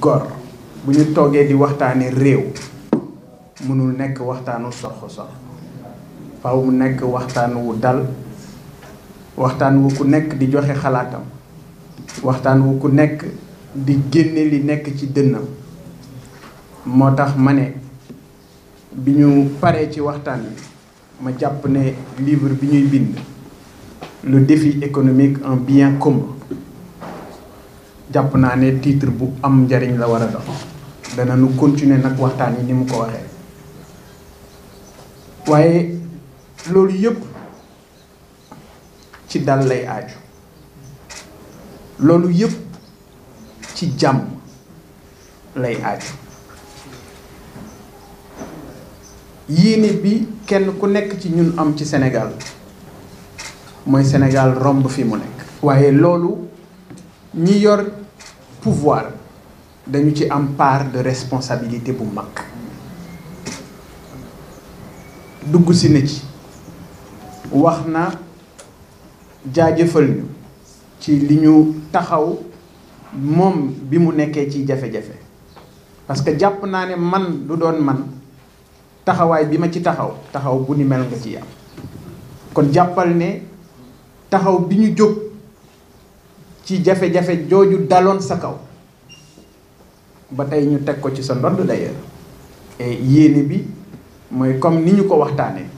gor bu ñu toogee di waxtaane réew mënul nekk waxtaanu sox sox faaw mu nekk waxtaan wu dal waxtaan wu ku nekk di joxe xalaatam waxtaan wu ku nekk di génne li nekk ci dënnam moo tax ma ne bi ñu paree ci waxtaan ma jàpp ne livre bi ñuy bind le défi économique un bien commun jàpp naa ne titre bu am njariñ la war a dox dana nu continuer nag waxtaan yi ni mu ko waxee waaye loolu yépp ci dal lay aaju loolu yëpp ci jàmm lay aaju yéene bi kenn ku nekk ci ñun am ci senegal mooy senegal romb fi mu nekk waaye loolu ñi yor pouvoir dañu ci am part de responsabilité bu mag dugg si na ci wax na jaajëfal ñu ci li ñu taxaw moom bi mu nekkee ci jafe-jafe parce que jàpp naa ne man du doon man taxawaay bi ma ci taxaw taxaw bu ni mel nga ci am kon jàppal ne taxaw bi ñu jóg ci jafe-jafe joju daloon sa kaw ba tay ñu tek ko ci sa ndond d'ailleurs et yéene bi moy comme ni ñu ko waxtaanee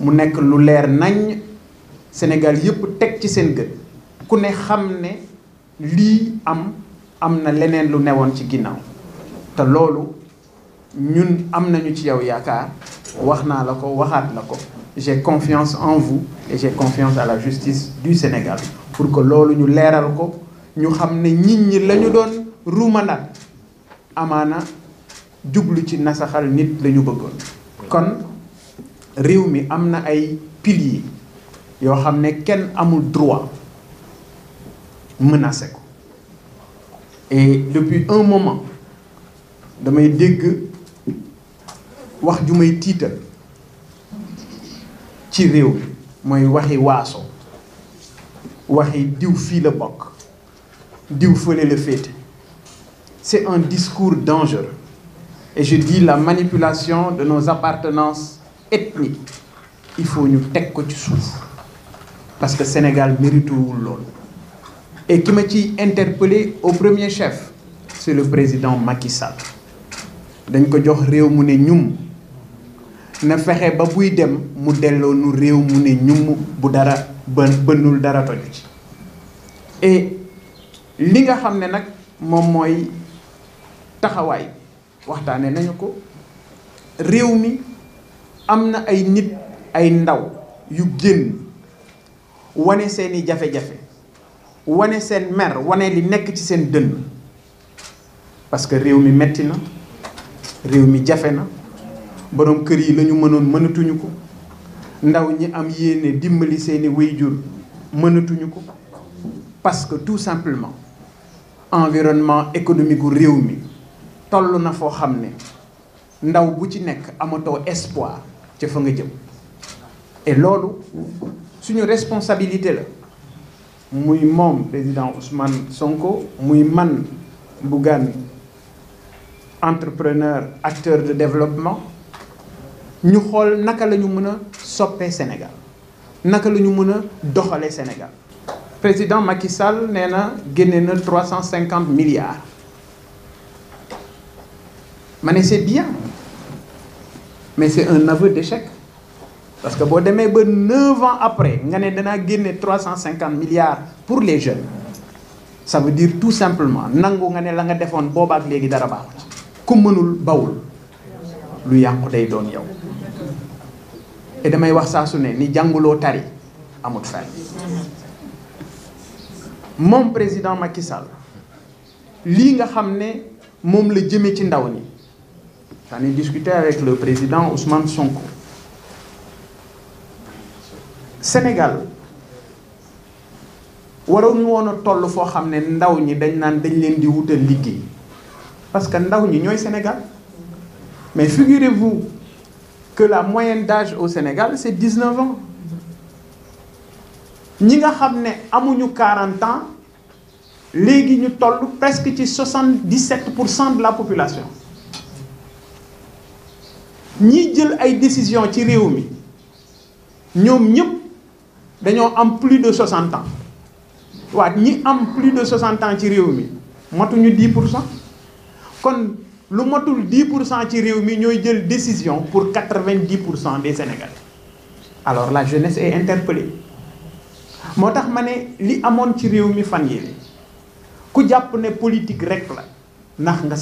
mu nekk lu leer nañ Sénégal yépp tek ci sen gët ku ne xam ne lii am amna na leneen lu newon ci ginnaw te loolu ñun am nañu ci yow yaakaar wax naa la ko waxaat la ko j'ai confiance en vous et j'ai confiance à la justice du Sénégal pour que loolu ñu leeral ko ñu xam ne nit ñi la doon ruumanaat amaana jublu ci nasaxal nit lañu bëggoon kon réew mi am na ay piliers yoo xam ne kenn amul droit menacé ko et depuis un moment damay dégg wax ju may tiital ci réew mooy waxi waaso le c'est un discours dangereux et je dis la manipulation de nos appartenances ethniques il faut nous tête ko ci parce que Sénégal mérite tout. et qui ma interpellé au premier chef c'est le président Macky Sall dañ ko jox réew mu na fexe ba buy dem mu delloo nu réew mu ne ñum bu dara bën bënnul dara toju ci li nga xam ne nag moom mooy taxawaay waxtaane nañu ko réew mi am na ay nit ay ndaw yu génn wane seeni jafe-jafe wane seen mer wane li nekk ci seen dënn parce que réew mi metti na réew mi jafe na borom kër yi lañu ñu mënoon mënatuñu ko ndaw ñi am yéene dimbali seeni wéyjur mënatuñu ko parce que tout simplement environnement économique gu réew mi toll na foo xam ne ndaw bu ci nekk amatoo espoir ca fa nga jëm et loolu suñu responsabilité la muy moom président Ousmane Sonko muy man Bougane entrepreneur acteur de développement nous avons naka la ñu sauver le Sénégal naka la ñu de le Sénégal président Macky Sall a na 350 milliards c'est bien mais c'est un aveu d'échec parce que si ba 9 ans après nga ne gagné 350 milliards pour les jeunes ça veut dire tout simplement que nga avons la nga milliards. boobaak léegi dara lu yàqu day doon yow te damay wax saa su ne ni jànguloo tari amut fenn moom président Macky Sall lii nga xam ne moom la jëme ci ndaw ñi san ai discuté avec le président Ousmane Sonko Sénégal waroon woon a toll foo xam ne ndaw ñi dañ naan dañ leen di wutal liggéey parce que ndaw ñi ñooy Sénégal Mais figurez-vous que la moyenne d'âge au Sénégal, c'est 19 ans. Nous nga 40 ans nous ñu presque 77 de la population Nous avons une décision ci réew mi ñoom nous avons plus de 60 ans Nous avons plus de 60 ans à réew Nous avons 10 lu matul 10 pour réunion ci réew mi jël décision pour 90 des Sénégalais alors la jeunesse est interpellée moo tax ma ne li amoon ci réew mi fan ku jàpp ne politique rek la nax nga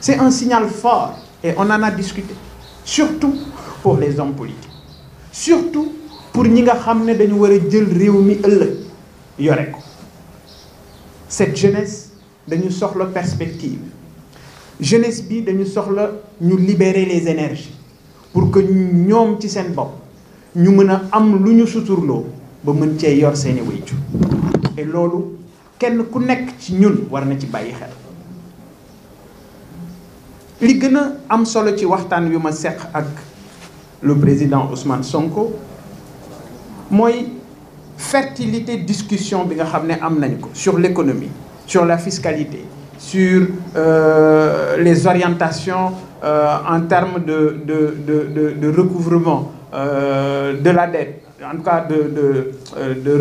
c'est un signal fort et on en a discuté surtout pour les hommes politiques surtout pour ñi nga xam ne dañu war a jël réew mi ëllëg ko cette jeunesse dañu soxla perspective jeunesse bi dañu soxla ñu libérer les énergies pour que ñom ci seen bop ñu mën am luñu ñu ba mën ci yor seeni wéyju et lolu kenn ku nekk ci ñun war na ci bayyi xel li am solo ci waxtaan yu ma seq ak le président Ousmane Sonko moy fertilité discussion bi nga xamné am nañ ko sur l'économie sur la fiscalité sur euh, les orientations euh, en termes de, recouvrement euh, de la dette, en tout cas de,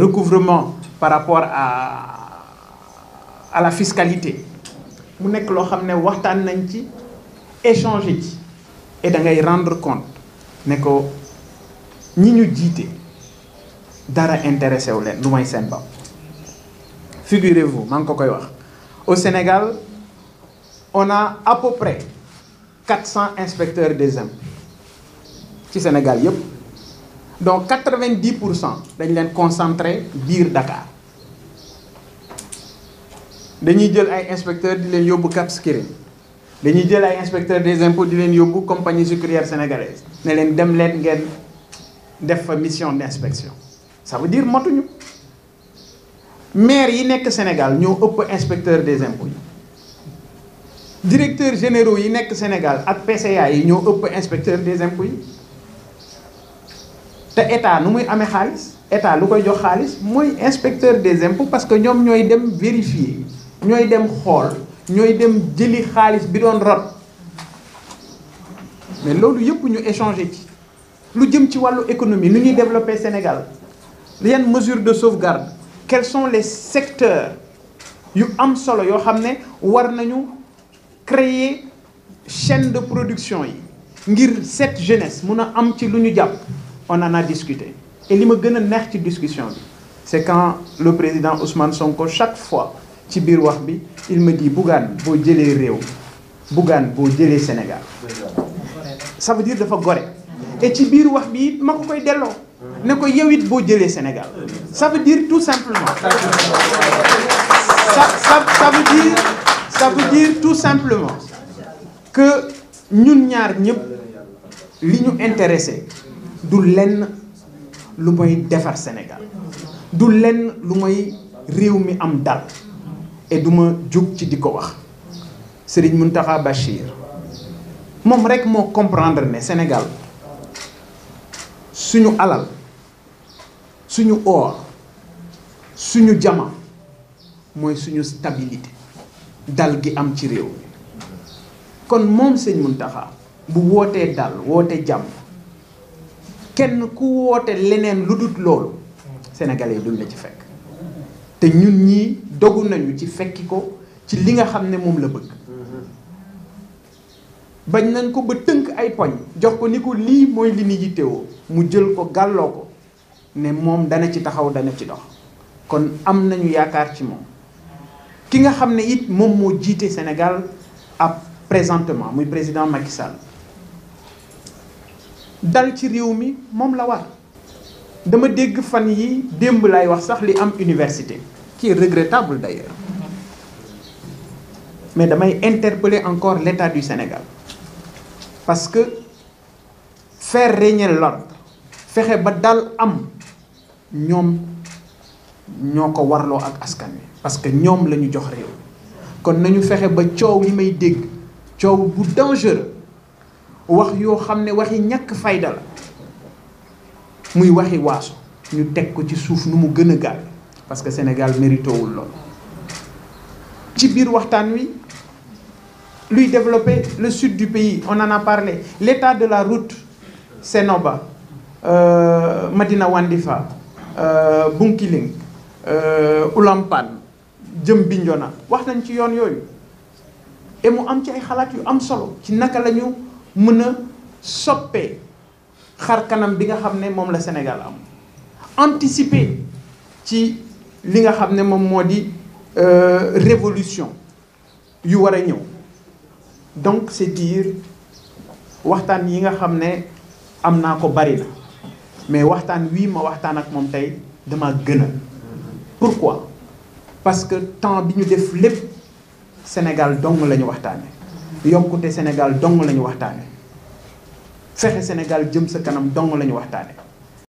recouvrement par rapport à, à la fiscalité. Nous avons échangé et rendre compte que nous nous disons dara intéressé wu len lumay figurez-vous man ko koy wax au Sénégal, on a à peu près 400 inspecteurs des impôts ci Sénégal donc 90 sont eux dans le Dakar dañuy jël ay inspecteurs di leen Cap dañuy inspecteurs des impôts di ont des compagnie sucrière sénégalaise ne leen dem mission ça veut dire motuñu maire yi Sénégal ñoo inspecteur des impôts Le directeur général yi Sénégal ak PCA inspecteur des impôts yi état nu inspecteur des impôts parce que nous dem vérifier ñooy dem xool dem jëli bi doon rot mais loolu yëpp ñu échanger Nous lu jëm ci wàllu économie nu ñuy développer Sénégal mesure de sauvegarde quels sont les secteurs qui ont solo chaîne de production cette jeunesse mon on en a discuté et li ma discussion c'est quand le président Ousmane Sonko chaque fois ci bi il me dit Bougane vous jëlee réew Bougane vous le Sénégal ça veut dire dafa gore et ci biir wax bi ma koy ne ko vous vous boo Sénégal ça veut dire tout simplement. Ça, ça, veut dire, ça veut dire tout simplement que nous ñaar Ce intéressé du le lu Sénégal du lu réew mi am et que nous ci Bachir rek comprendre Sénégal suñu alal suñu or suñu jama mooy suñu stabilité dal gi am ci réew mi kon moom sëñ Muntaxa bu wootee dal woote jàmm kenn ku woote leneen lu dut loolu sénégalais yi ci fekk te ñun ñii dogu nañu ci fekki ko ci li nga xam ne moom la bëgg bañ nañ ko ba tënk ay poñ jox ko ni ko lii mooy li ni yittewoo mu jël ko gàlloo ko ne moom dana ci taxaw dana ci dox kon am nañu yaakaar ci moom ki nga it moom moo Sénégal ab présentement le président Macky dal ci réew mi la war dama dégg fan yi démb lay wax sax li am université qui est regrettable d'ailleurs mais damay interpeller encore l'État du Sénégal parce que faire régner l'ordre fexe ba dal am ñoom ñoo ko warloo ak askan wi parce que ñoom la ñu jox réew kon nañu fexe ba coow li may dégg coow bu dangereux wax yoo xam ne waxi ñàkk fayda la muy waxi waaso ñu teg ko ci suuf nu mu gën a gaaw parce que Sénégal méritowul lool ci biir waxtaan wi luy développer le sud du pays on en a parlé l'état de la route Sénoba euh, Madina Wandifa euh, Bunkiling Euh, Ulampan jëm Bignona wax nañ ci yoon yooyu et mu am ci ay xalaat yu am solo ci naka la ñu mën a soppee xar kanam bi nga xam ne moom la Sénégal am anticiper ci li nga xam ne moom moo di euh, révolution yu war a ñëw donc c'est dire waxtaan yi nga xam ne am naa ko bari na mais waxtaan wii ma waxtaan ak moom tey dama gën a pourquoi parce que tant bi ñu def lépp Sénégal dong la ñu waxtaane yokkute Sénégal dong la ñu waxtaane Sénégal jëm sa kanam dong la ñu